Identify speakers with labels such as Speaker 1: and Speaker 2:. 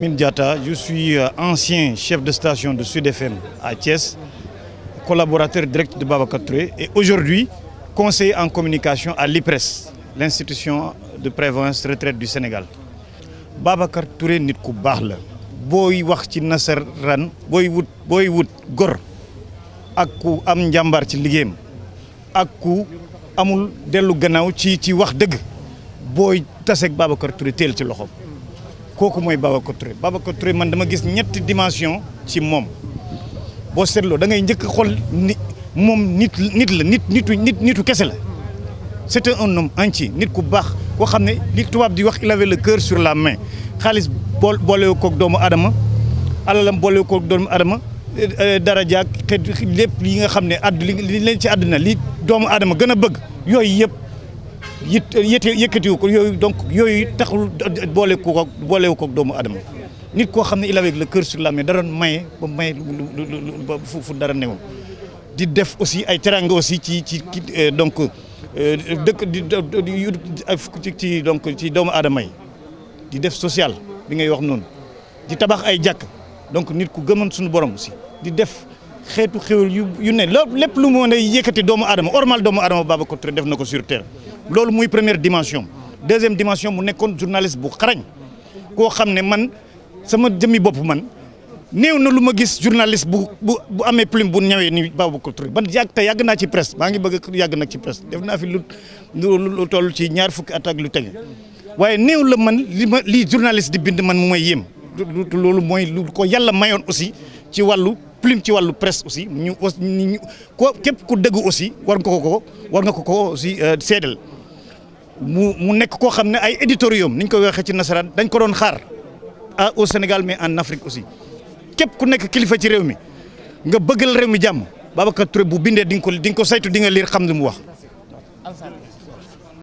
Speaker 1: Mine Diata, je suis euh, ancien chef de station de Sud FM à Thiès, collaborateur direct de Babacar Touré et aujourd'hui conseiller en communication à l'IPRES, l'institution de prévoyance retraite du Sénégal. Babacar Touré nit ku baax la booy wax ci nasaraan booy wut booy wut gor ak ku am njàmbaar ci liggéeyam ak ku amul dellu gannaaw ci ci wax dëgg booy taseeg Babacar Touré teel ci loxoom. kooku mooy Babacar Touré Babacar Touré man dama gis ñetti dimension ci moom boo seetloo da ngay njëkk xool ni moom nit nit la nit nitu nit nitu kese la c'était un homme entier nit ku baax koo xam ne li tubaab di wax il avait le cœur sur la main xaalis bool boolewu koog doomu adama alalam boole koog doomu adama euh, dara jaag xeet lépp yi nga xam ne addu li leen ci àdduna li doomu adama gën a bëgg yooyu yëpp yit yite yëkkatiwu ko yooyu donc yooyu taxul boole ko boolewu ko doomu adama nit koo xam ne il avec la kër sur la main dara maye ba maye ba fu dara newul di def aussi ay teranga aussi ci ci euh, donc euh, dëkk di ci donc ci doomu aadama yi di def social bi ngay wax noonu di tabax ay jàkk donc nit ku gëmoon suñu borom si di def xeetu xéwal yu yu ne lépp lu mu mën a yëkkati doomu aadama ormal doomu aadama Babacar Touré def na ko sur terre loolu muy première dimension deuxième dimension mu nekkoon journaliste bu xarañ koo xam ne man sama jëmmi bopp man néew na lu ma gis journaliste bu bu bu amee plume bu ñëwee ni Babacar Touré ban yàgg te yàgg naa ci presse maa ngi bëgg yàgg nag ci presse def naa fi lu lu toll ci ñaar fukki at ak lu tege waaye néew la man li ma lii journaliste di bind man mu may yéem loolu mooy lu ko yàlla mayoon aussi ci wàllu plume ci wàllu presse aussi ñu ko képp ku dëgg aussi war nga ko ko war nga ko ko aussi euh, seedal mu mu nekk koo xam ne ay éditorium niñ ko waxee ci nasaraan dañ ko doon xaar ah au Sénégal mais en Afrique aussi képp ku nekk kilifa ci réew mi nga bëggal réew mi jàmm Babacar Touré bu bindee di nga ko di nga ko saytu di nga liir xam li mu wax.